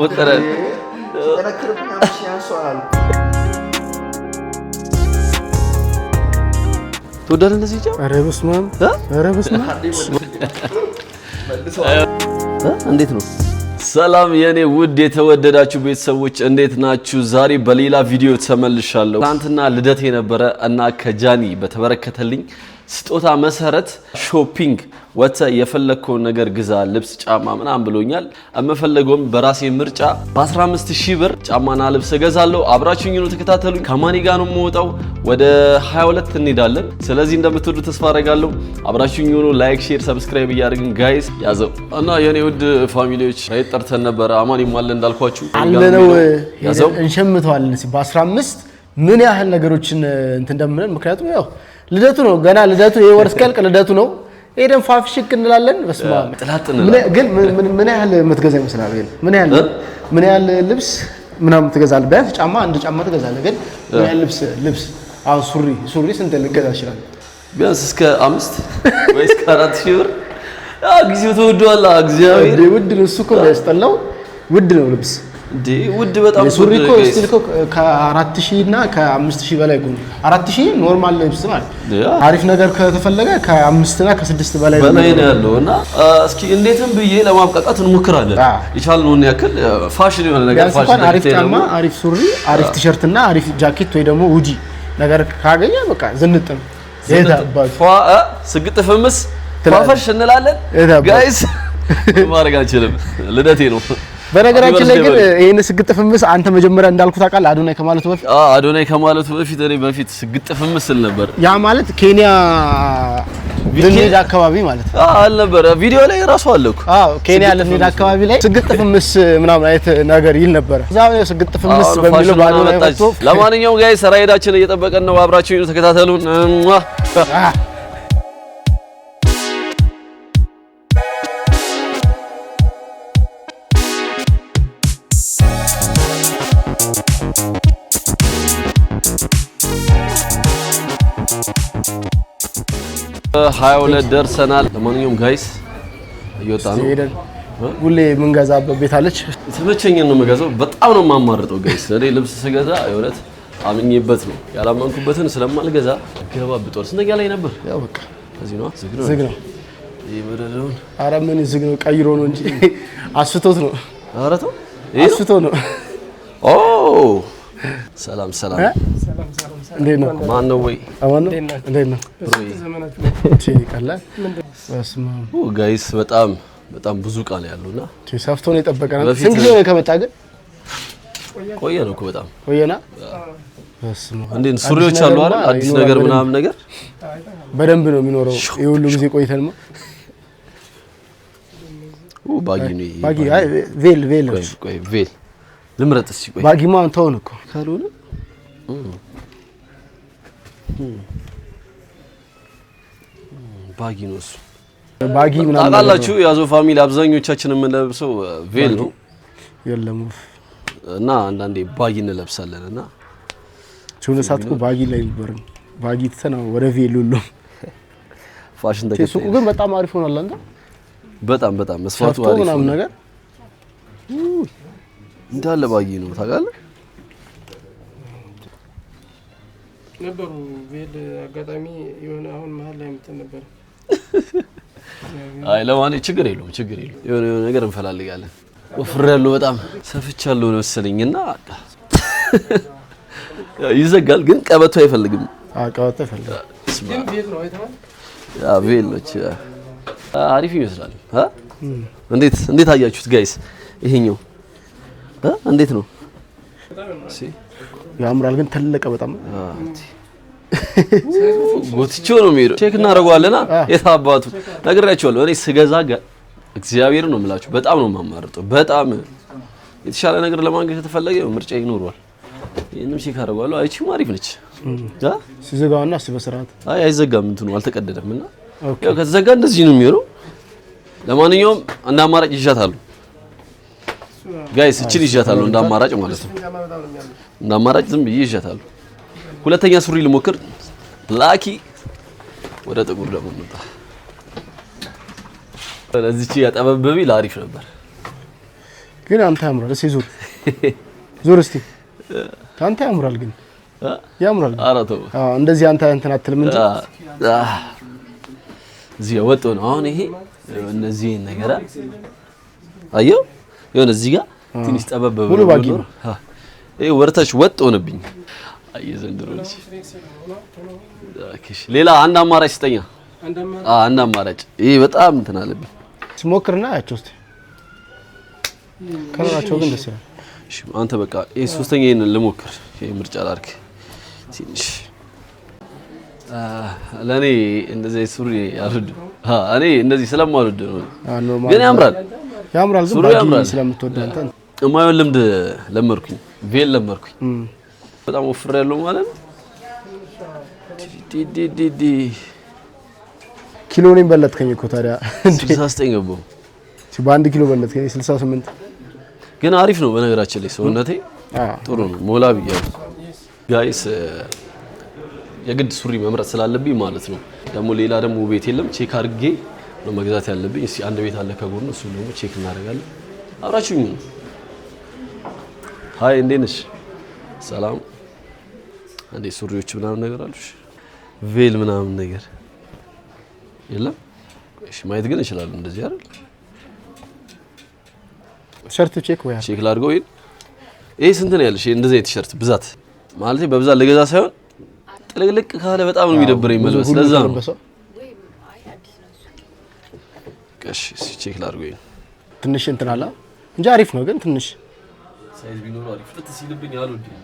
ሞጠረ ትወዳለህ እንደዚህ ጫ ኧረ በስመ እንዴት ነው? ሰላም የኔ ውድ የተወደዳችሁ ቤተሰቦች እንዴት ናችሁ? ዛሬ በሌላ ቪዲዮ ተመልሻለሁ። ትናንትና ልደቴ ነበረ እና ከጃኒ በተበረከተልኝ ስጦታ መሰረት ሾፒንግ ወጥተህ የፈለግከውን ነገር ግዛ፣ ልብስ፣ ጫማ ምናምን ብሎኛል። የምፈለገውም በራሴ ምርጫ በ15 ሺህ ብር ጫማና ልብስ እገዛለሁ። አብራችሁኝ ነው፣ ተከታተሉኝ። ከማን ጋር ነው የምወጣው? ወደ 22 እንሄዳለን። ስለዚህ እንደምትወዱ ተስፋ አደርጋለሁ። አብራችሁኝ ሆኑ። ላይክ፣ ሼር፣ ሰብስክራይብ እያደረግን ጋይስ ያዘው እና የኔ ውድ ፋሚሊዎች ላይ ጠርተን ነበረ። አማኒ ማለ እንዳልኳችሁ አለነው ያዘው እንሸምተዋለን በ15 ምን ያህል ነገሮችን እንትን እንደምንል ምክንያቱም ያው ልደቱ ነው ገና ልደቱ ይሄ ወር እስኪያልቅ ልደቱ ነው። ሄደን ፋፍሽክ እንላለን። በስመ አብ ግን ምን ያህል የምትገዛ ይመስላል? ምን ያህል ምን ያህል ልብስ ምናምን ትገዛለህ? ቢያንስ ጫማ አንድ ጫማ ትገዛለህ። ግን ምን ያህል ልብስ ልብስ አሁን ሱሪ ሱሪ ስንት ልገዛ ይችላል? ቢያንስ እስከ አምስት ወይ እስከ አራት ሺህ ብር ጊዜው ተወዷል። እግዚአብሔር ውድ ነው እሱ እኮ ያስጠላው ውድ ነው ልብስ ውድ በጣም ሱሪ እኮ ስቲል እኮ ከአራት ሺህ እና ከአምስት ሺህ በላይ ጎን አራት ሺህ ኖርማል ልብስ ማለት አሪፍ ነገር ከተፈለገ ከአምስት እና ከስድስት በላይ በላይ ነው ያለው እና እስኪ እንዴትም ብዬ ለማብቃቃት እንሞክራለን። የቻልነውን ያክል ፋሽን የሆነ ነገር ፋሽን፣ አሪፍ ጫማ፣ አሪፍ ሱሪ፣ አሪፍ ቲሸርት እና አሪፍ ጃኬት ወይ ደግሞ ውጂ ነገር ካገኘ በቃ ዝንጥ ነው ስግጥ ፍምስ ፋፈሽ እንላለን ጋይስ ማድረግ አንችልም። ልደቴ ነው። በነገራችን ላይ ግን ይሄን ስግጥፍምስ አንተ መጀመሪያ እንዳልኩ አውቃለህ አዶናይ ከማለቱ በፊት አዎ አዶናይ ከማለቱ በፊት እኔ በፊት ስግጥፍምስ ስል ነበር። ያ ማለት ኬንያ ልንሄድ አካባቢ ማለት ነው። አዎ አልነበረ ቪዲዮ ላይ ራሱ አለኩ። አዎ ኬንያ ልንሄድ አካባቢ ላይ ስግጥፍምስ ምናምን አይነት ነገር ይል ነበር። እዛ ነው ስግጥፍምስ በሚለው ባዶናይ ወጥቶ። ለማንኛውም ጋይ ሰራዊታችን እየጠበቀን ነው። አብራችሁ ተከታተሉን። 22 ደርሰናል። ለማንኛውም ጋይስ እየወጣ ነው። ሁሌ የምንገዛበት ቤት አለች። የተመቸኝን ነው የምገዛው። በጣም ነው የማማርጠው ጋይስ። እኔ ልብስ ስገዛ የእውነት አምኜበት ነው። ያላመንኩበትን ስለማልገዛ ገባ ብጦር ስንተኛ ላይ ነበር? ያው በቃ እዚህ ነው። ዝግ ነው። ይበደለውን ኧረ ምን ዝግ ነው? ቀይሮ ነው እንጂ አስቶት ነው። ኧረ ተው፣ አስቶ ነው። ኦ ሰላም ሰላም እንዴት ነው? ማነው ጋይስ በጣም በጣም ብዙ እቃ ነው ያለውና የጠበቀ ነው። ስንት ጊዜ ነው ከመጣ ግን? ቆየ ነው እኮ በጣም ቆየና። እንዴት ሱሪዎች አሉ አይደል? አዲስ ነገር ምናምን ነገር በደንብ ነው የሚኖረው። የሁሉ ጊዜ ቆይተንማ ባጊ ቬል ቬል ልምረጥ እስኪ። ቆይ ባጊማ ተውን እኮ ካልሆነ ባጊ ነው እሱ። ባጊ ምናምን ታውቃላችሁ። ያዞ ፋሚሊ አብዛኞቻችን የምንለብሰው ቬል ነው የለም እና አንዳንዴ ባጊ እንለብሳለን እና ቹነ ሳትኩ ባጊ ላይ ነበር ባጊ ተሰና ወደ ቬል ሁሉ ፋሽን ተከታይ ሱቁ ግን በጣም አሪፍ ሆኗል። አንተ በጣም በጣም መስፋቱ አሪፍ ነው ነገር እንዳለ ባጊ ነው ታውቃለህ ነበሩ ቤል አጋጣሚ የሆነ አሁን መሀል ላይ ምትን ነበር። አይ ለማን ችግር የለውም፣ ችግር የለውም። የሆነ የሆነ ነገር እንፈላልጋለን። ወፍሬያለሁ፣ በጣም ሰፍቻለሁ ነው መሰለኝ እና ይዘጋል። ግን ቀበቶ አይፈልግም፣ ቀበቶ አይፈልግም። አሪፍ ይመስላል። እንዴት እንዴት አያችሁት ጋይስ? ይሄኛው እንዴት ነው? ያምራል ግን ተለቀ በጣም ጎትቼው ነው የሚሄደው። ቼክ እናደርገዋለና የታባቱ ነግሬያቸዋለሁ። እኔ ስገዛ እግዚአብሔር ነው የምላቸው። በጣም ነው የማማርጠው። በጣም የተሻለ ነገር ለማግኘት የተፈለገ ምርጫ ይኖረዋል። ይህንም ቼክ አደርገዋለሁ። አይቺም አሪፍ ነች። ሲዘጋውና እስኪ አይ አይዘጋም፣ እንትኑ አልተቀደደም እና ያው ከተዘጋ እንደዚህ ነው የሚሄደው። ለማንኛውም እንደ አማራጭ ይዣታለሁ ጋይስ፣ እችን ይዣታለሁ እንደ አማራጭ ማለት ነው። እንደ አማራጭ ዝም ብዬ ይሸታለሁ። ሁለተኛ ሱሪ ልሞክር። ላኪ ወደ ጥቁር ደግሞ እንውጣ። ስለዚህ ያጠበብብ ላሪፍ ነበር ግን አንተ ያምራል። እስኪ ዙር ዙር እስኪ አንተ ያምራል ግን ያምራል። ኧረ ተው እንደዚህ አንተ እንትን አትልም እንጂ እዚህ ወጥ ነው። አሁን ይሄ እነዚህ ነገር አየው የሆነ እዚህ ጋር ትንሽ ጠበብ ብሎ ሙሉ ባጊ ነው። ይሄ ወርተሽ ወጥ ሆነብኝ። አይ ዘንድሮ ልጅ ሌላ አንድ አማራጭ ስጠኛ። አንድ አማራጭ ይሄ በጣም እንትን አለብኝ። ስሞክርና አያቸው እስቲ ከራቸው ግን ደስ ይላል። እሺ አንተ በቃ ይሄ ሶስተኛ ይሄን ልሞክር። ይሄ ምርጫ ላድርግ። ትንሽ ለኔ እንደዚህ ሱሪ አልወድ። እኔ እንደዚህ ስለማልወድ ነው፣ ግን ያምራል፣ ያምራል። ግን ብሎ ስለምትወድ አንተ እማይሆን ልምድ ለመድኩኝ። ቬል ለመርኩኝ። በጣም ወፍር ያለው ማለት ነው። ዲዲዲዲ ኪሎ እኔም በለጥከኝ እኮ ታዲያ 69 ገባሁ። በአንድ ኪሎ በለጥከኝ 68። ግን አሪፍ ነው በነገራችን ላይ ሰውነቴ ጥሩ ነው። ሞላ ብያለሁ ጋይስ የግድ ሱሪ መምረጥ ስላለብኝ ማለት ነው። ደግሞ ሌላ ደግሞ ቤት የለም ቼክ አድርጌ ነው መግዛት ያለብኝ። እስኪ አንድ ቤት አለ ከጎኑ እሱ ደግሞ ቼክ እናደርጋለን። አብራችሁኝ ነው ሀይ እንዴት ነሽ? ሰላም። እንዴ ሱሪዎች ምናምን ነገር አሉሽ? ቬል ምናምን ነገር የለም? እሺ፣ ማየት ግን እችላለሁ። እንደዚህ አይደል? ሸርት ቼክ ወይ ቼክ ላድርገው። ይሄን ይሄ ስንት ነው ያለሽ? እንደዚህ አይነት ሸርት ብዛት ማለት በብዛት ለገዛ ሳይሆን ጥልቅልቅ ካለ በጣም ነው የሚደብረኝ መልበስ። ለዛ ነው እሺ፣ ቼክ ላድርገው። ትንሽ እንትን አለ እንጂ አሪፍ ነው ግን ትንሽ ሳይዝ ቢኖሩ አሪፍ። ፍጥጥ ሲልብኝ አልወድም።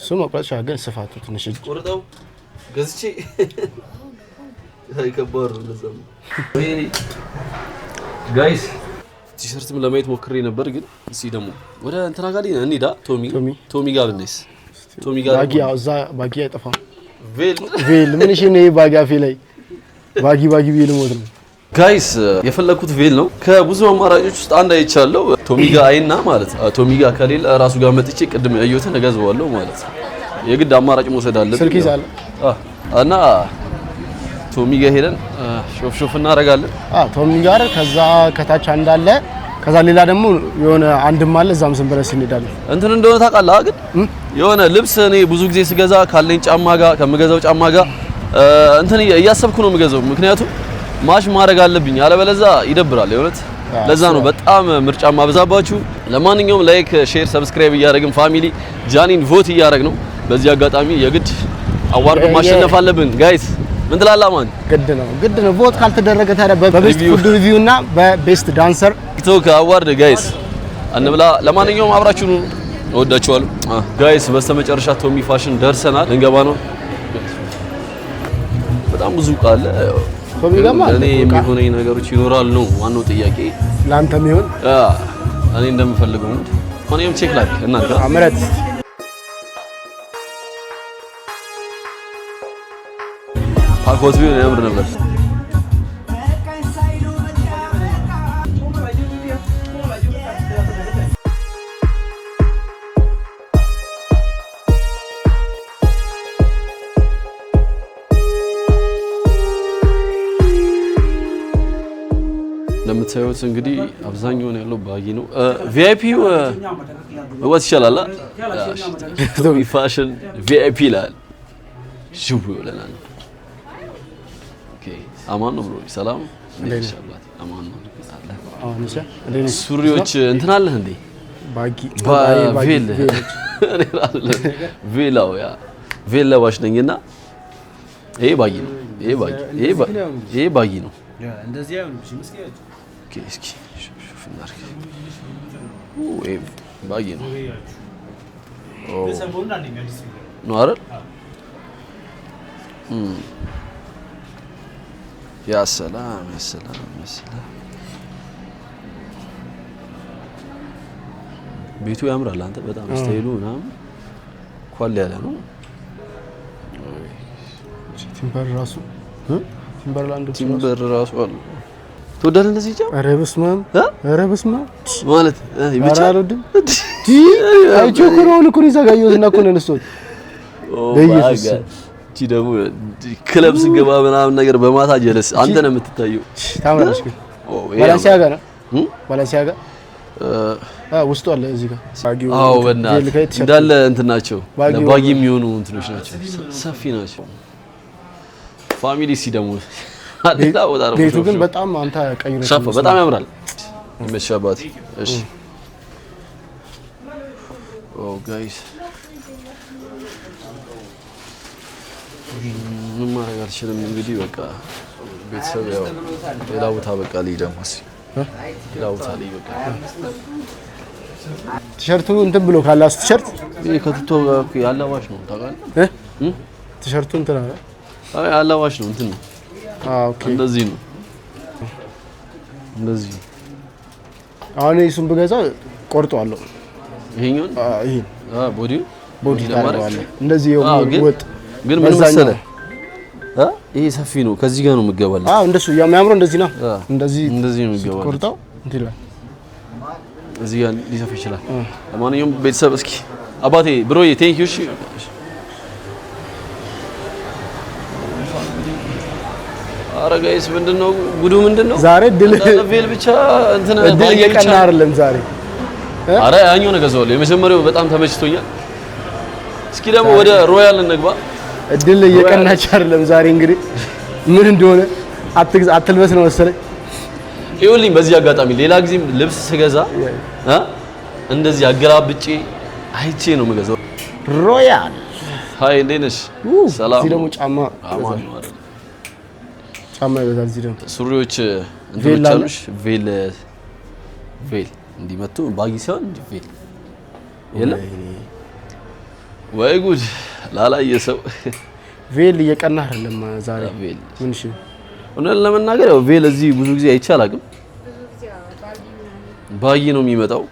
እሱ መቁረጥ ግን ስፋቱ ትንሽ ቆርጠው ገዝቼ ከባድ ጋይስ ቲሸርትም ለማየት ሞክሬ ነበር፣ ግን እስኪ ደግሞ ወደ እንትና ጋር እንሂዳ። ቶሚ ቶሚ ጋር ብንስ ቶሚ ጋር እዛ ባጊ አይጠፋም። ቬል ቬል ምን እሺ ነው ይሄ ባጋፌ ላይ ባጊ ባጊ ብዬ ሞት ነው ጋይስ የፈለኩት ቬል ነው። ከብዙ አማራጮች ውስጥ አንድ አይቻለው። ቶሚጋ አይና ማለት ነው። ቶሚጋ ከሌለ እራሱ ጋር መጥቼ ቅድም ያየሁትን እገዛዋለሁ ማለት ነው። የግድ አማራጭ መውሰድ አለብኝ እና ቶሚጋ ሄደን ሾፍሾፍ እናደርጋለን። አዎ ቶሚጋ ከዛ ከታች አንዳለ ከዛ ሌላ ደግሞ የሆነ አንድም አለ። እዛም ዝም ብለን እንሄዳለን። እንትን እንደሆነ ታውቃለህ ግን የሆነ ልብስ እኔ ብዙ ጊዜ ስገዛ ካለኝ ጫማ ጋር ከምገዛው ጫማ ጋር እንትን እያሰብኩ ነው የምገዛው ምክንያቱም ማሽ ማድረግ አለብኝ፣ አለበለዛ ይደብራል የእውነት። ለዛ ነው በጣም ምርጫ ማብዛባችሁ። ለማንኛውም ላይክ፣ ሼር፣ ሰብስክራይብ እያደረግን ፋሚሊ ጃኒን ቮት እያደረግ ነው። በዚህ አጋጣሚ የግድ አዋርዱ ማሸነፍ አለብን ጋይስ። ምን ትላለህ ማን? ግድ ነው ግድ ነው። ቮት ካልተደረገ ታዲያ በቤስት ፉድ ሪቪው እና በቤስት ዳንሰር ቲክቶክ አዋርድ ጋይስ እንብላ። ለማንኛውም አብራችሁ ነው። እወዳችኋለሁ ጋይስ። በስተመጨረሻ ቶሚ ፋሽን ደርሰናል። እንገባ ነው። በጣም ብዙ ቃል እኔ የሚሆነኝ ነገሮች ይኖራል ነው ዋናው ጥያቄ። ለአንተ የሚሆን እኔ እንደምፈልገው እኔም ቼክ ላይ እናንተ አምረት ፓርክ ቢሆን ያምር ነበር። የምታዩት እንግዲህ አብዛኛውን ያለው ባጊ ነው። ቪአይፒ መግባት ይቻላል። ፋሽን ቪአይፒ ይላል። ሽቡ ይውለናል። አማን ነው ብሎ ሰላም ሱሪዎች እንትን አለህ እንዴ? ቬላው ያ ቬላ ባሽ ነኝ እና ይሄ ባጊ ነው። ይሄ ባጊ ነው። እስኪ ባዬ ነው ነው አይደል? ያ ሰላም ያ ሰላም ያ ሰላም ቤቱ ያምራል። አንተ በጣም ስታይሉ ምናምን ኳል ያለ ነው። ቲምበር ራሱ ቲምበር ራሱ አለ ትወዳለህ? እንደዚህ ጫው። ኧረ በስመ አብ! ኧረ በስመ አብ! ማለት ብቻ አልወድም። አይቼው እኮ ነው። እኮ ነው እና እኮ ነው ያነሳሁት። በኢየሱስ እቺ ደግሞ ክለብ ስገባ ምናምን ነገር በማታ ጀለስ አንተ ነው የምትታየው። ታምራለች ግን ባላንሲያጋ ነው ባላንሲያጋ ውስጡ አለ እዚህ ጋር። እንዳለ እንትን ናቸው፣ ባጊ የሚሆኑ እንትኖች ናቸው፣ ሰፊ ናቸው። ፋሚሊ ሲ ደግሞ ቤቱ ግን በጣም አንተ ቀይረ በጣም ያምራል። መሻባት እሺ ኦ ጋይስ ምንም ማድረግ አልችልም። እንግዲህ በቃ ቤተሰብ ያው ሌላ ቦታ በቃ ልሂድ ሌላ ቦታ ልሂድ በቃ ቲሸርቱ እንትን ብሎ ካላሱ ቲሸርት ይሄ ከትቶ ያላባሽ ነው ታውቃለህ ቲሸርቱ እንትን አይ አላባሽ ነው እንትን ነው Ah, እንደዚህ ነው። እንደዚህ አሁን እሱን ብገዛ ቆርጠዋለሁ። ይሄኛውን ይሄን ቦዲ ቦዲ እንደዚህ ወጥ ግን ምን መሰለህ ይሄ ሰፊ ነው። ከዚህ ጋር ነው የምገባልህ። አዎ እንደሱ የሚያምረው እንደዚህ ነው። እንደዚህ እንደዚህ ነው የምገባልህ። ቆርጠው እንትን ይላል። እዚህ ጋር ሊሰፋ ይችላል። ለማንኛውም ቤተሰብ እስኪ አባቴ ብሮዬ ቴንኪው። እሺ ጋይስ ምንድነው ጉዱ? ምንድነው ዛሬ ድል ቬል ብቻ እንትን ድል እየቀና አይደለም ዛሬ። አረ ያኛው ነገር ዘው የመጀመሪያው በጣም ተመችቶኛል። እስኪ ደግሞ ወደ ሮያል እንግባ። ድል እየቀናች አይደለም ዛሬ። እንግዲህ ምን እንደሆነ አትግዛ አትልበስ ነው መሰለኝ። ይኸውልኝ በዚህ አጋጣሚ ሌላ ጊዜም ልብስ ስገዛ እንደዚህ አገላብጬ አይቼ ነው የምገዛው። ሮያል ሃይ፣ እንዴት ነሽ? ሰላም። እዚህ ደግሞ ጫማ ጫማ ይበዛል። እዚህ ደግሞ ሱሪዎች እንትኖች ቬል ቬል እንዲመቱ ባጊ ሳይሆን ቬል የለም ወይ ጉድ ላላየ ሰው ቬል እየቀና አይደለም ዛሬ ቬል ምንሽ እውነት ለመናገር ያው ቬል እዚህ ብዙ ጊዜ አይቼ ባጊ ነው የሚመጣው።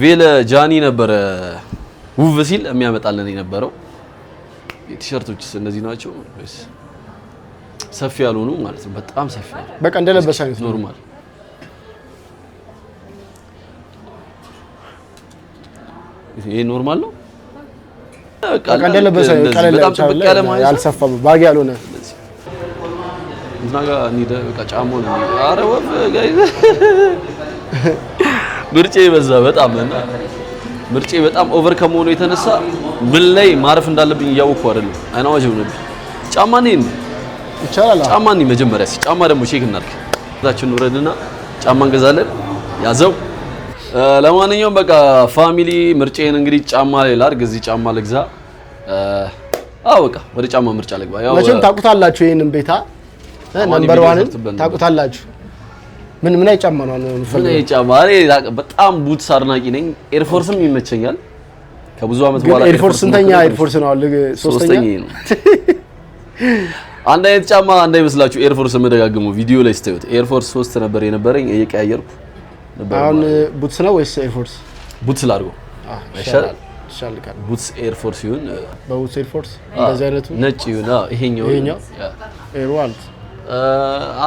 ቬል ጃኒ ነበረ ውብ ሲል የሚያመጣልን የነበረው። ቲሸርቶችስ እነዚህ ናቸው። ሰፊ ያልሆኑ ማለት ነው። በጣም ሰፊ ያሉ በቃ እንደለበሰ አይነት ኖርማል። ይሄ ኖርማል ነው። በቃ እንደለበሰ ቀለል ያለ ባግ ያልሆነ እንትና በቃ ነው። ወፍ ጋይዝ ምርጬ በዛ በጣም እና ምርጬ በጣም ኦቨር ከመሆኑ የተነሳ ምን ላይ ማረፍ እንዳለብኝ እያወቅኩ አይደለም። አይናዋጅ ሆነብኝ ጫማ ነኝ ይቻላል። ጫማ ነው መጀመሪያ። እስኪ ጫማ ደግሞ ቼክ እናድርግ። ታችን ውረድና ጫማ እንገዛለን። ያዘው። ለማንኛውም በቃ ፋሚሊ ምርጬን እንግዲህ ጫማ ላይ ላድርግ። እዚህ ጫማ ልግዛ። አዎ በቃ ወደ ጫማ ምርጫ ልግባ። ያው መቼም ታውቁታላችሁ፣ ይሄንን ቤታ ነምበር ዋንን ታውቁታላችሁ። ምን ምን አይጫማ ነው ነው ምን አይጫማ? እኔ በጣም ቡትስ አድናቂ ነኝ። ኤርፎርስም ይመቸኛል። ከብዙ አመት በኋላ ኤርፎርስ ስንተኛ ኤርፎርስ ነው? ሶስተኛ ነው። አንድ አይነት ጫማ አንድ ኤርፎርስ የምደጋግሙ ቪዲዮ ላይ ስታዩት ኤርፎርስ ሶስት ነበር የነበረኝ እየቀያየርኩ አሁን ቡትስ ነው ወይስ ኤርፎርስ? ቡትስ ላድርጎ ቡትስ ኤርፎርስ ይሁን በቡትስ ኤርፎርስ እንደዚህ አይነቱ ነጭ ይሁን ይሄኛው ይሄኛው ኤርዋልት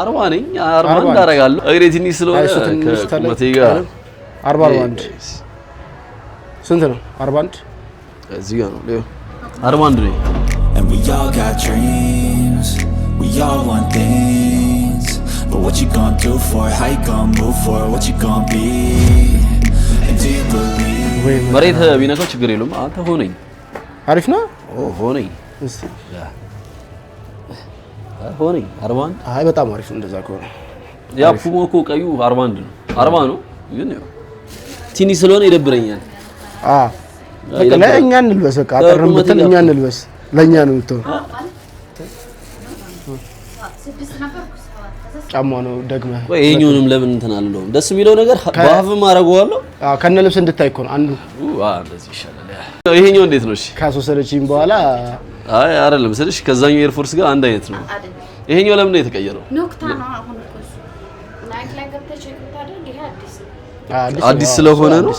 አርባ ነኝ አርባ እንዳረጋለሁ እግሬ ትንሽ ስለሆነ ከቁመቴ ጋር አርባ አንድ ስንት ነው? አርባ አንድ እዚህ ጋር ነው አርባ አንድ ነኝ dreams We all want things But what you gonna do for it? How you gonna move for it? What you gonna be? And do you believe? መሬት ቢነካው ችግር የለውም። አንተ ሆነኝ አሪፍ ነው። ሆነኝ ሆነኝ አርባ አንድ አይ በጣም አሪፍ እንደዛ ከሆነ ያ ፑሞ እኮ ቀዩ አርባ አንድ ነው። አርባ ነው ግን ትንሽ ስለሆነ ይደብረኛል። አዎ ለእኛ እንልበስ። በቃ አጠር እምትል እኛ እንልበስ። ለእኛ ነው የምትሆን ጫማ ነው ደግመህ። ይሄኛውንም ለምን እንትን አልለውም። ደስ የሚለው ነገር በአፍም አደርገዋለሁ። አዎ ከነ ልብስ እንድታይ እኮ ነው አንዱ። አዎ እንደዚህ ይሻላል። ይሄኛው እንዴት ነው? እሺ ካስወሰደችኝ በኋላ አይ አይደለም ስልሽ ከዛኛው ኤርፎርስ ጋር አንድ አይነት ነው። ይሄኛው ለምን ነው የተቀየረው? አዲስ ስለሆነ ነው።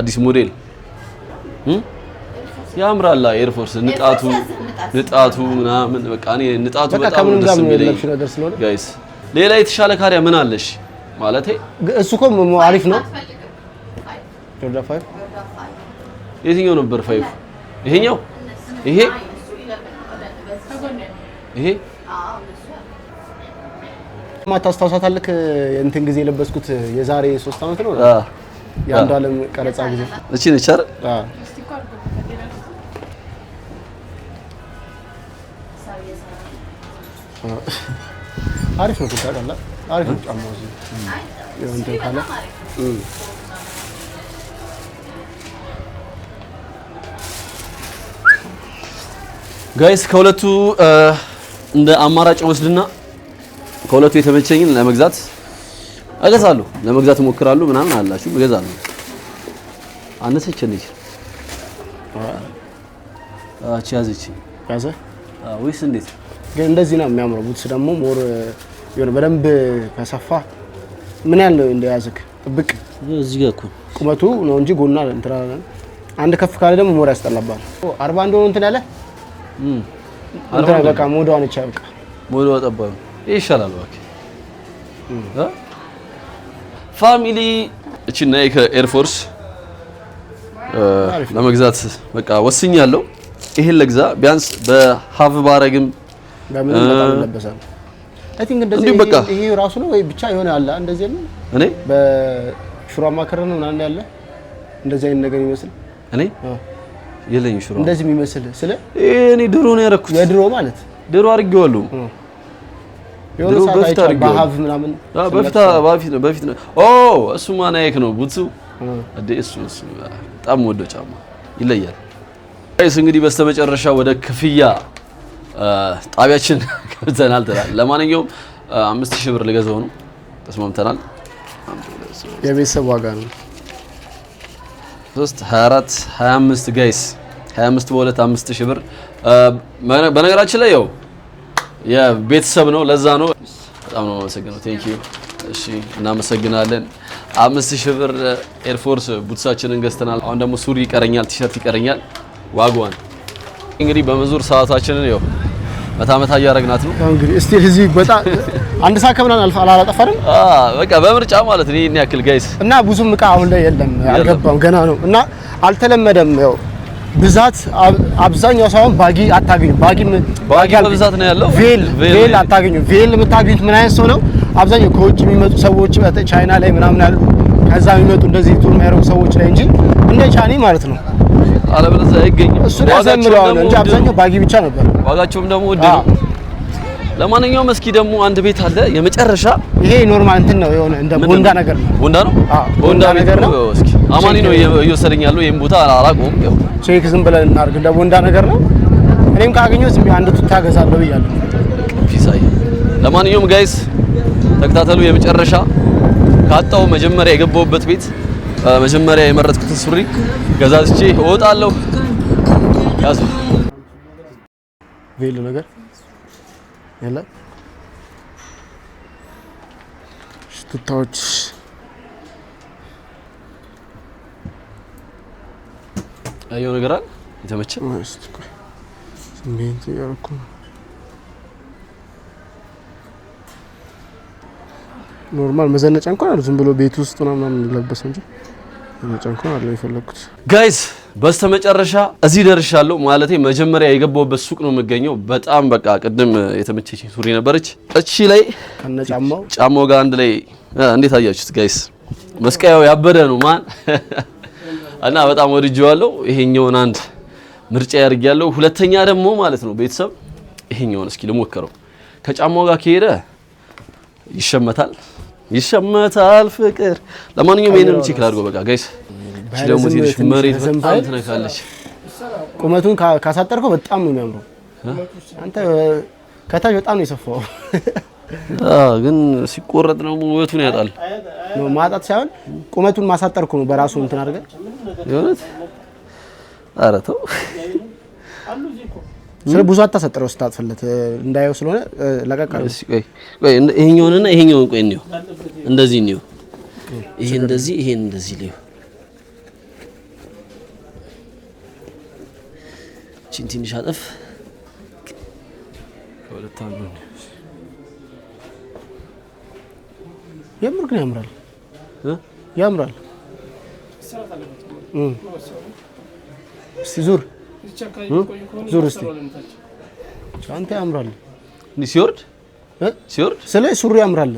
አዲስ ሞዴል ያምራላ። ኤርፎርስ ንጣቱ ንጣቱ ምናምን በቃ እኔ ንጣቱ በጣም ደስ የሚለኝ ጋይስ ሌላ የተሻለ ካሪያ ምን አለሽ? ማለቴ እሱ እኮ አሪፍ ነው። ጆርዳ 5 የትኛው ነበር? 5 ይሄኛው ይሄ ይሄ ማታስታውሳታልክ እንትን ጊዜ የለበስኩት የዛሬ ሶስት አመት ነው። የአንዱ ዓለም ቀረጻ ጊዜ እቺ ነች አይደል? አዎ አሪፍ ነው። ጉዳይ አለ አሪፍ ነው። ጫማው እዚህ እንትን ካለ ጋይስ ከሁለቱ እንደ አማራጭ ወስድና ከሁለቱ የተመቸኝን ለመግዛት እገዛለሁ፣ ለመግዛት እሞክራለሁ። ምናምን አላችሁ እገዛለሁ። አነሰች ነች አቺ ያዘች ያዘ ወይስ እንዴት? ግን እንደዚህ ነው የሚያምረው። ቡትስ ደግሞ ሞር የሆነ በደንብ ከሰፋ ምን ያህል ነው እንደያዝክ ጥብቅ እዚህ ጋር እኮ ቁመቱ ነው እንጂ ጎና እንትራ አንድ ከፍ ካለ ደግሞ ሞር ያስጠላባል። አርባ አንድ ሆኖ እንትን ያለ እንትና በቃ ሞዳዋ ነች። በቃ ሞዳዋ ጠባዩ ይሻላል። እባክህ ፋሚሊ እቺ እቺና ከኤርፎርስ ለመግዛት በቃ ወስኛለሁ። ይሄን ለግዛ ቢያንስ በሀፍ ባረግም በምንም በጣም ይሄ ራሱ ነው ወይ ብቻ የሆነ አለ እንደዚህ ነው። እኔ በሽሮ አማከረ ነው ምናምን ያለ እንደዚህ አይነት ነገር ይመስል እኔ የለኝ ሽሮ እንደዚህ የሚመስል ስለ እኔ ድሮ ነው ያደረኩት። የድሮ ማለት ድሮ አድርጌዋለሁ። ድሮ በፊት አድርጌዋለሁ። ምናምን አዎ፣ በፊት በፊት በፊት ነው። ኦ እሱ ማናይክ ነው ቡትሱ አዴ እሱ እሱ በጣም ወዶ ጫማ ይለያል። ጋይስ እንግዲህ በስተመጨረሻ ወደ ክፍያ ጣቢያችን ገብተናል ትላል። ለማንኛውም አምስት ሺህ ብር ልገዛው ነው ተስማምተናል። የቤተሰብ ዋጋ ነው 3 24 25 ጋይስ 25 በሁለት 5000 ብር። በነገራችን ላይ ያው የቤተሰብ ነው፣ ለዛ ነው። በጣም ነው የማመሰግነው። ቴንክ እሺ፣ እናመሰግናለን። 5000 ብር ኤርፎርስ ቡትሳችንን ገዝተናል። አሁን ደግሞ ሱሪ ይቀረኛል፣ ቲሸርት ይቀረኛል። ዋጋዋን እንግዲህ በመዙር ሰዓታችንን ው። መታመታ እያደረግናት ነው። እንግዲህ እስቲ እዚህ ወጣ አንድ ሰዓት ከምናምን አልፋ አላጠፋ አዎ በቃ በምርጫ ማለት ነው። ይሄን ያክል ጋይስ እና ብዙም እቃ አሁን ላይ የለም፣ አልገባም ገና ነው እና አልተለመደም። ያው ብዛት አብዛኛው ሳይሆን ባጊ አታገኙ። ባጊ ባጊ በብዛት ነው ያለው። ቬል ቬል አታገኙ። ቬል የምታገኙት ምን አይነት ሰው ነው? አብዛኛው ከውጭ የሚመጡ ሰዎች ቻይና ላይ ምናምን ያሉ ከዛ የሚመጡ እንደዚህ ቱር የሚያደርጉ ሰዎች ላይ እንጂ እንደ ቻኔ ማለት ነው አለበለዚያ አይገኝም። እሱ ያዘምራው እንጂ አብዛኛው ባጊ ብቻ ነበር። ዋጋቸውም ደግሞ ውድ ነው። ለማንኛውም እስኪ ደግሞ አንድ ቤት አለ የመጨረሻ። ይሄ ኖርማል እንትን ነው የሆነ እንደ ቦንዳ ነገር ነው። ቦንዳ ነው። አዎ ቦንዳ ነገር ነው። እስኪ አማኒ ነው እየወሰደኝ ያለው ይሄን ቦታ አላውቀውም። ያው ቼክ ዝም ብለን እናድርግ። እንደ ቦንዳ ነገር ነው። እኔም ዝም አንድ ቱታ ብያለሁ። ፒሳይ ለማንኛውም ጋይስ ተከታተሉ። የመጨረሻ ካጣው መጀመሪያ የገባሁበት ቤት መጀመሪያ የመረጥኩትን ሱሪ ገዛዝቼ እወጣለሁ። ያዙ ቬሎ ነገር ያለ ሽቱታዎች ያየው ነገር አለ የተመቸ ስሜት ያልኩ ኖርማል መዘነጫ እንኳን አሉ ዝም ብሎ ቤት ውስጥ ምናምን ለበሰ እንጂ አለ የፈለግኩት ጋይስ በስተመጨረሻ እዚህ ደርሻለሁ። ማለት መጀመሪያ የገባሁበት ሱቅ ነው የምገኘው። በጣም በቃ ቅድም የተመቸች ሱሪ ነበረች። እቺ ላይ ጫማው ጋር አንድ ላይ እንዴት አያችሁት ጋይስ? መስቀያው ያበደ ነው ማን እና በጣም ወድጀዋለሁ። ይሄኛውን አንድ ምርጫ ያድርጊያለሁ። ሁለተኛ ደግሞ ማለት ነው ቤተሰብ ይሄኛውን እስኪ ልሞክረው። ከጫማው ጋር ከሄደ ይሸመታል ይሸመታል ፍቅር። ለማንኛውም ይሄንን ቼክ አድርጎ በቃ ጋይስ። እቺ ደግሞ ትንሽ መሬት በጣም ትነካለች። ቁመቱን ካሳጠርከው በጣም ነው የሚያምረው። አንተ ከታች በጣም ነው የሰፋው። ግን ሲቆረጥ ደግሞ ውበቱን ያጣል። ማጣት ሳይሆን ቁመቱን ማሳጠርኩ ነው በራሱ እንትን አድርገን። የእውነት ኧረ ተው ስለ ብዙ አታሰጥረው ስታጥፍለት እንዳየው ስለሆነ እሺ ለቀቅ አለ። ይሄኛውንና ይሄኛውን ቆይ እንየው፣ እንደዚህ እንየው። ይሄ እንደዚህ ይሄን እንደዚህ ልዩ ቺን ትንሽ አጠፍ የምር ግን ያምራል ያምራል። እስቲ ዙር ዙር እስኪ አንተ ያምራል ሲወርድ ሲወርድ ስለ ሱሪ ያምራል።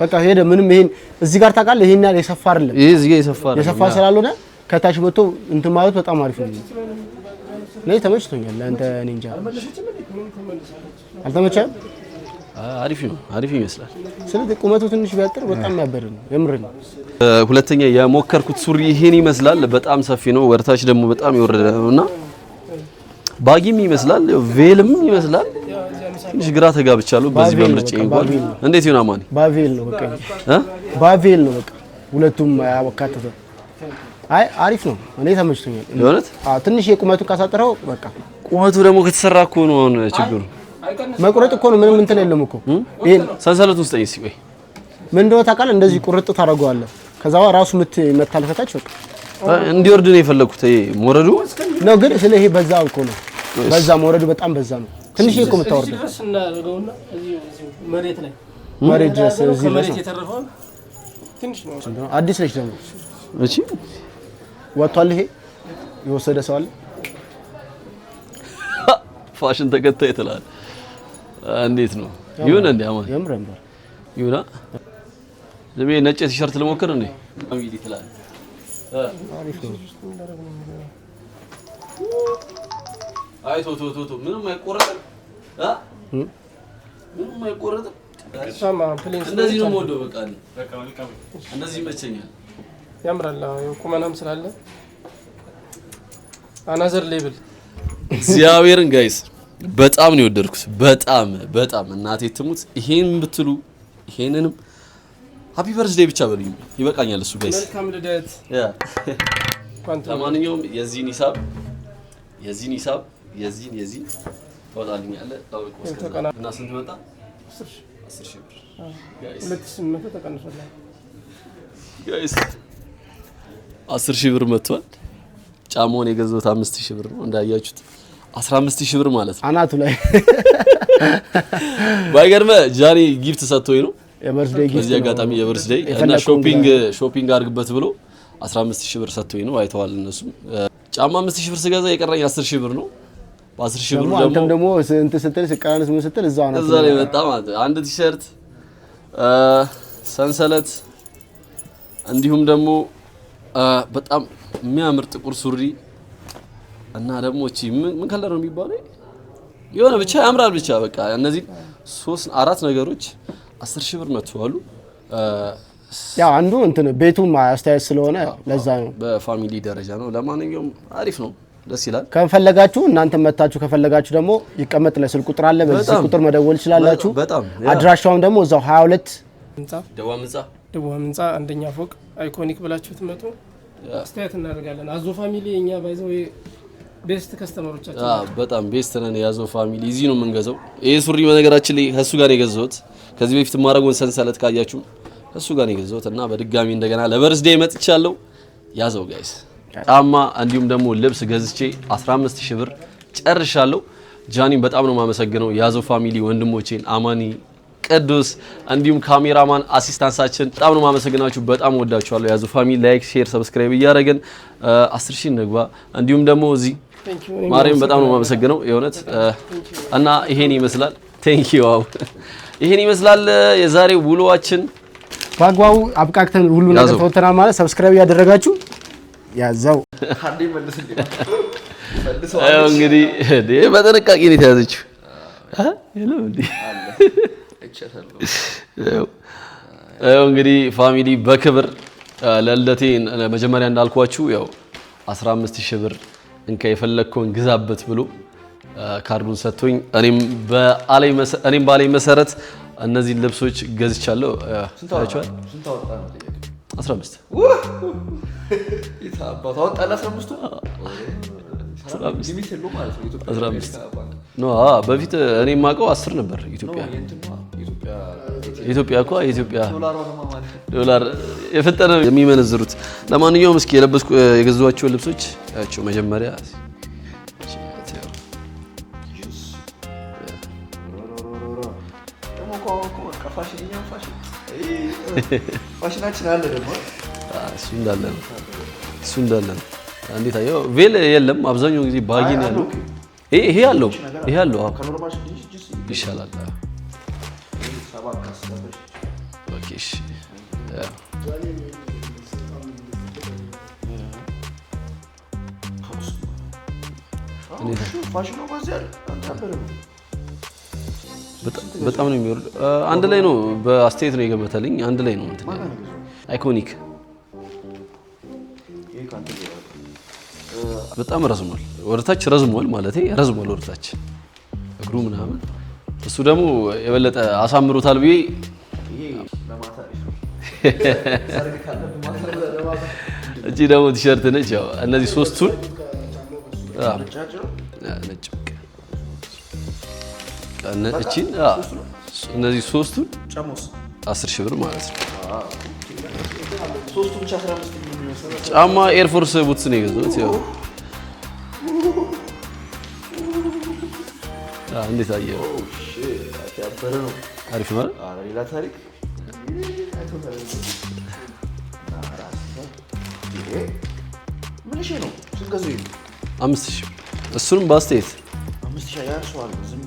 በቃ ሄደ። ምንም ይሄን እዚህ ጋር ታውቃለህ፣ ይሄን ያህል የሰፋ አይደለም። ይሄ እዚህ ጋር የሰፋ አይደለም። የሰፋ ስላልሆነ ከታች መጥቶ እንትን ማለት በጣም አሪፍ ነው። ተመችቶኛል። እኔ እንጃ አልተመቸህም? አሪፍ ነው፣ አሪፍ ይመስላል። ስለዚህ ቁመቱ ትንሽ ቢያጥር በጣም ያበደ ነው። የምር ነው። ሁለተኛ የሞከርኩት ሱሪ ይሄን ይመስላል። በጣም ሰፊ ነው። ወደታች ደግሞ በጣም የወረደ ነውና ባጊም ይመስላል ቬልም ይመስላል። ትንሽ ግራ ተጋብቻለሁ በዚህ በምርጫ ይጓል። እንዴት ይሆን አማኒ? ባቬል ነው በቃ እ ባቬል ነው በቃ ሁለቱም ያካተተ። አይ አሪፍ ነው። እኔ ተመችቶኛል። የእውነት አዎ። ትንሽ የቁመቱን ካሳጠረው በቃ ቁመቱ ደግሞ ከተሰራ እኮ ነው አሁን ችግሩ። መቁረጥ እኮ ነው ምንም እንትን የለም እኮ። ይሄን ሰንሰለቱ ውስጥ አይሲ ወይ ምን እንደሆነ ታውቃለህ? እንደዚህ ቁርጥ ታደርገዋለህ። ከዛው ራሱ ምት መታልፈታች በቃ እንዲወርድ ነው የፈለኩት። ይሄ ሞረዱ ነው ግን ስለ ይሄ በዛ አልኮ ነው በዛ መውረዱ በጣም በዛ ነው። ትንሽ እኮ የምታወርደው መሬት ድረስ እዚህ አዲስ ነች ደግሞ እቺ ወጥቷል። ይሄ የወሰደ ሰው አለ። ፋሽን ተከታይ ትላለህ። እንዴት ነው ይሁን እንዴ? አማን የምረምባ ይሁና ዝም ነጭ ቲሸርት ልሞክር እንዴ? አሚሊ ትላለህ። አሪፍ ነው ያምራል። ቁመናም ስላለ አናዘር ሌብል እግዚአብሔርን ጋይስ በጣም ነው የወደድኩት። በጣም በጣም እናቴ ትሙት። ይሄን ብትሉ ይሄንንም ሃፒ በርዝዴይ ብቻ በሉኝ ይበቃኛል። እሱ ጋይስ ለማንኛውም የዚህን ሂሳብ የዚህን ሂሳብ የዚህን የዚህ ተወጣልኝ ያለ ዳውልቆ እስከዛ እና ስንት መጣ? አስር ሺህ ብር ሁለት ሺህ መቶ ተቀንሷል። አስር ሺህ ብር መጥቷል። ጫማውን የገዛሁት አምስት ሺህ ብር ነው እንዳያችሁት፣ አስራ አምስት ሺህ ብር ማለት ነው። አናቱ ላይ ባይገርመ ጃኒ ጊፍት ሰጥቶኝ ነው በዚህ አጋጣሚ የበርስዴይ እና ሾፒንግ ሾፒንግ አድርግበት ብሎ አስራ አምስት 15000 ብር ሰጥቶኝ ነው። አይተዋል እነሱም ጫማ አምስት 5000 ብር ስገዛ የቀረኝ 10000 ብር ነው። በአስር ሺህ ብሩ አንተም ደግሞ እንትን ስትል ስቀናነስ ምን ስትል እዛው ነው እዛ ላይ መጣ ማለት አንድ ቲሸርት ሰንሰለት፣ እንዲሁም ደግሞ በጣም የሚያምር ጥቁር ሱሪ እና ደግሞ እቺ ምን ከለር ነው የሚባለው? የሆነ ብቻ ያምራል። ብቻ በቃ እነዚህ ሶስት አራት ነገሮች አስር ሺህ ብር መጥተዋሉ። ያው አንዱ እንትን ቤቱም አስተያየት ስለሆነ ለዛ ነው በፋሚሊ ደረጃ ነው። ለማንኛውም አሪፍ ነው። ደስ ይላል። ከፈለጋችሁ እናንተ መታችሁ ከፈለጋችሁ ደግሞ ይቀመጥ ለስል ቁጥር አለ። በዚህ ቁጥር መደወል ይችላላችሁ። አድራሻውም ደግሞ እዛው 22 ደዋ ምንጻ አንደኛ ፎቅ አይኮኒክ ብላችሁ ትመጡ አስተያየት እናደርጋለን። አዞ ፋሚሊ የኛ ባይዘው ቤስት ከስተመሮቻችን በጣም ቤስት ነን። የአዞ ፋሚሊ እዚህ ነው የምንገዛው። ይህ ሱሪ በነገራችን ላይ ከሱ ጋር የገዛሁት ከዚህ በፊት ማድረጉን ሰንሰለት ካያችሁ ከሱ ጋር የገዛሁት እና በድጋሚ እንደገና ለበርዝዴ መጥቻለሁ። ያዘው ጋይስ ጫማ እንዲሁም ደግሞ ልብስ ገዝቼ 15 ሺህ ብር ጨርሻለሁ። ጃኒን በጣም ነው የማመሰግነው። ያዞ ፋሚሊ ወንድሞቼን አማኒ፣ ቅዱስ እንዲሁም ካሜራማን አሲስታንሳችን በጣም ነው ማመሰግናችሁ። በጣም ወዳችኋለሁ። የያዞ ፋሚሊ ላይክ፣ ሼር፣ ሰብስክራይብ እያደረግን 10 ሺህ እንግባ። እንዲሁም ደግሞ እዚህ ማርያም በጣም ነው ማመሰግነው የእውነት እና ይሄን ይመስላል። ቴንክ ዩ ይሄን ይመስላል የዛሬ ውሎዋችን። በአግባቡ አብቃቅተን ሁሉ ነገር ተወተናል ማለት ሰብስክራይብ ያደረጋችሁ ያዘው እንግዲህ በጥንቃቄ ነው የተያዘችው። እንግዲህ ፋሚሊ በክብር ለልደቴ መጀመሪያ እንዳልኳችሁ ያው 15 ሺህ ብር እንከ የፈለግከውን ግዛበት ብሎ ካርዱን ሰጥቶኝ እኔም ባለኝ መሰረት እነዚህን ልብሶች ገዝቻለሁ። ታቸዋል 15 በፊት እኔ የማውቀው አስር ነበር። ኢትዮጵያ ኢትዮጵያ እኮ ኢትዮጵያ ዶላር የፈጠረ የሚመነዝሩት። ለማንኛውም እስኪ የለበስኩ የገዛኋቸውን ልብሶች ያቸው መጀመሪያ başına ችናለን እሱ እንዳለ ነው እሱ እንዳለ ነው። እንዴት አየው ቬል የለም አብዛኛው ጊዜ ባጊ ነው ያለው። ይሄ ያለው ይሄ ያለው ይሻላል። ኦኬ እሺ ፋሽኑ በዚህ በጣም ነው የሚወርድ። አንድ ላይ ነው በአስተያየት ነው የገመተልኝ። አንድ ላይ ነው አይኮኒክ በጣም ረዝሟል፣ ወደታች ረዝሟል ማለት ረዝሟል ወደታች እግሩ ምናምን። እሱ ደግሞ የበለጠ አሳምሮታል ብዬ እጂ ደግሞ ቲሸርት ነች። እነዚህ ሶስቱን ነጭ እቺን እነዚህ ሶስቱን አስር ሺህ ብር ማለት ነው። ጫማ ኤርፎርስ ቡትስ ነው የገዛሁት። ያው እንዴት አየህ? አሪፍ ነው። ሌላ ታሪክ አምስት ሺህ እሱንም በአስተያየት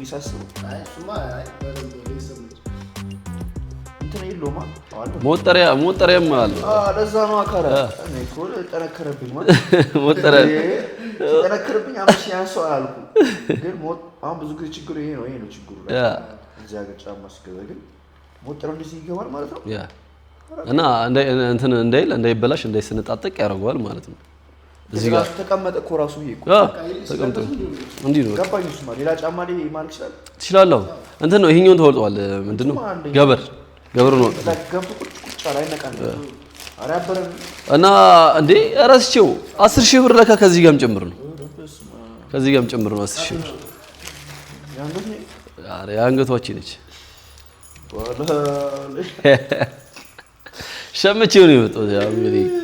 ብዬ ሳስበው መወጠሪያ መወጠሪያም አለ። ለዛ ነው ጠነከረብኝ አምስት ግን አሁን ብዙ ጊዜ ችግሩ ይሄ ነው። ይሄ ነው ችግሩ። ሀገር ጫማ ስገዛ ግን እንደዚህ ይገባል ማለት ነው እና እንዳይል እንዳይበላሽ እንዳይስንጣጠቅ ያደርገዋል ማለት ነው። እዚህ ጋር ተቀመጠ እኮ ራሱ እንዲህ ነው ገባኝ። ሌላ ጫማ ላይ ማድረግ እንትን ነው ይሄኛውን ተወልጧል። ምንድን ነው ገበር ገበር ነው እና እንዴ እረስቼው አስር ሺህ ብር ለካ ከዚህ ጋርም ጭምር ነው ከዚህ ጋርም ጭምር ነው አስር ሺህ ብር የአንገቷች ነች። ሸምቼው ነው የመጣሁት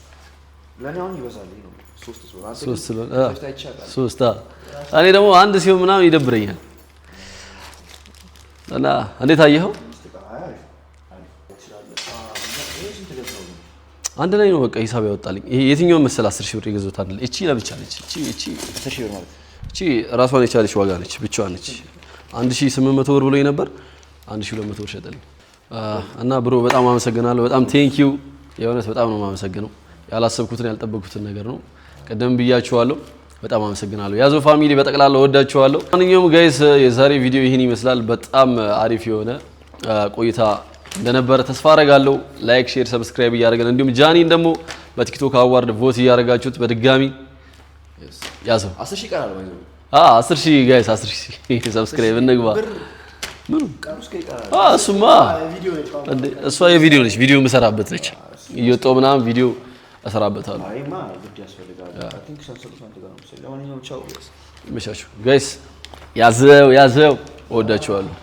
አሁን ሶስት እኔ ደግሞ አንድ ሲሆን ምናምን ይደብረኛል። እና እንዴት አየኸው? አንድ ላይ ነው በቃ ሂሳብ ያወጣልኝ። የትኛውን መሰል አስር ሺህ ብር የገዛሁት አንድ ላይ እቺ ለብቻ ነች። እቺ ራሷን የቻለች ዋጋ ነች፣ ብቻዋን ነች። አንድ ሺህ ስምንት መቶ ብር ብሎኝ ነበር። አንድ ሺህ ሁለት መቶ ብር ሸጠልኝ። እና ብሮ በጣም አመሰግናለሁ። በጣም ቴንኪው የእውነት በጣም ነው የማመሰግነው። ያላሰብኩትን ያልጠበኩትን ነገር ነው። ቀደም ብያችኋለሁ። በጣም አመሰግናለሁ። ያዞ ፋሚሊ በጠቅላላ ወዳችኋለሁ። ማንኛውም ጋይስ የዛሬ ቪዲዮ ይህን ይመስላል። በጣም አሪፍ የሆነ ቆይታ እንደነበረ ተስፋ አረጋለሁ። ላይክ፣ ሼር፣ ሰብስክራይብ እያደረገን እንዲሁም ጃኒን ደግሞ በቲክቶክ አዋርድ ቮት እያደረጋችሁት በድጋሚ ያዘው አስር ሺህ ይቀራል ማለት ነው። አስር ሺህ ጋይስ አስር ሺህ ሰብስክራይብ እንግባ። እሱማ እሷ የቪዲዮ ነች ቪዲዮ የምሰራበት ነች እየወጣሁ ምናምን ቪዲዮ እሰራበታለሁ። ጋይስ ያዘው ያዘው፣ እወዳችኋለሁ።